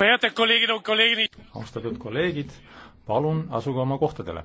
austatud kolleegid, palun asuge oma kohtadele.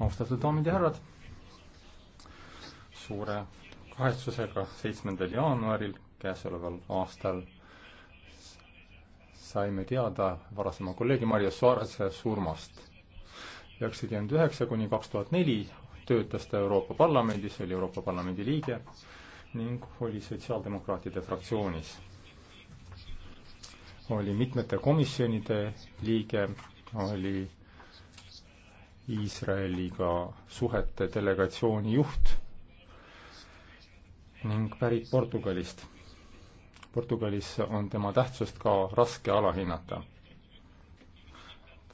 austatud daamid ja härrad, suure kahetsusega seitsmendal jaanuaril käesoleval aastal saime teada varasema kolleegi Mario Soarese surmast. üheksakümmend üheksa kuni kaks tuhat neli töötas ta Euroopa Parlamendis, oli Euroopa Parlamendi liige ning oli Sotsiaaldemokraatide fraktsioonis. oli mitmete komisjonide liige, oli Iisraeliga suhete delegatsiooni juht ning pärit Portugalist. Portugalis on tema tähtsust ka raske alahinnata.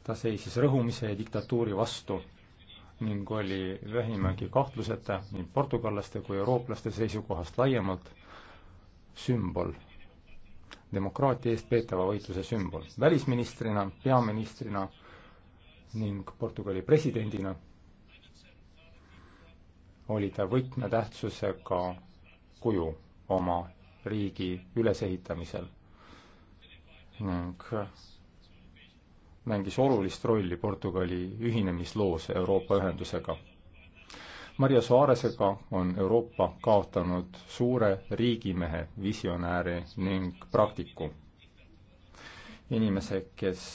ta seisis rõhumise ja diktatuuri vastu ning oli vähimagi kahtluseta nii portugallaste kui eurooplaste seisukohast laiemalt sümbol, demokraatia eest peetava võitluse sümbol. välisministrina, peaministrina ning Portugali presidendina oli ta võtmetähtsusega kuju oma riigi ülesehitamisel ning mängis olulist rolli Portugali ühinemisloos Euroopa Ühendusega. Maria Soaresega on Euroopa kaotanud suure riigimehe, visionääri ning praktiku. inimese, kes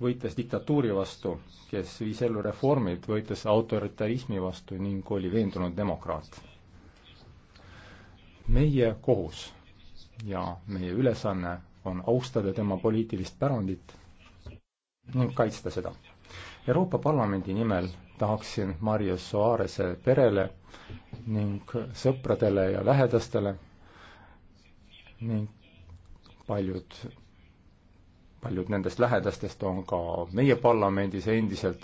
võitles diktatuuri vastu, kes viis ellu reformid, võitles autoritarismi vastu ning oli veendunud demokraat. meie kohus ja meie ülesanne on austada tema poliitilist pärandit ning kaitsta seda. Euroopa Parlamendi nimel tahaksin Marius Soarese perele ning sõpradele ja lähedastele ning paljud paljud nendest lähedastest on ka meie parlamendis endiselt,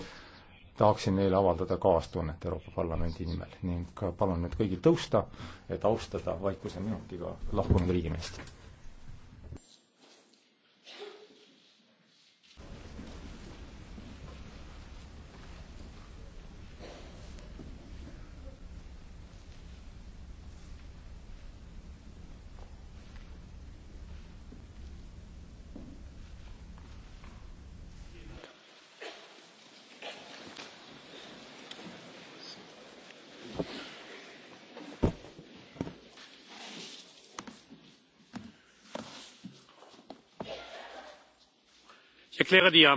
tahaksin neile avaldada kaastunnet Euroopa Parlamendi nimel ning palun nüüd kõigil tõusta, et austada vaikuse minutiga lahkunud riigimeest. ich erkläre die.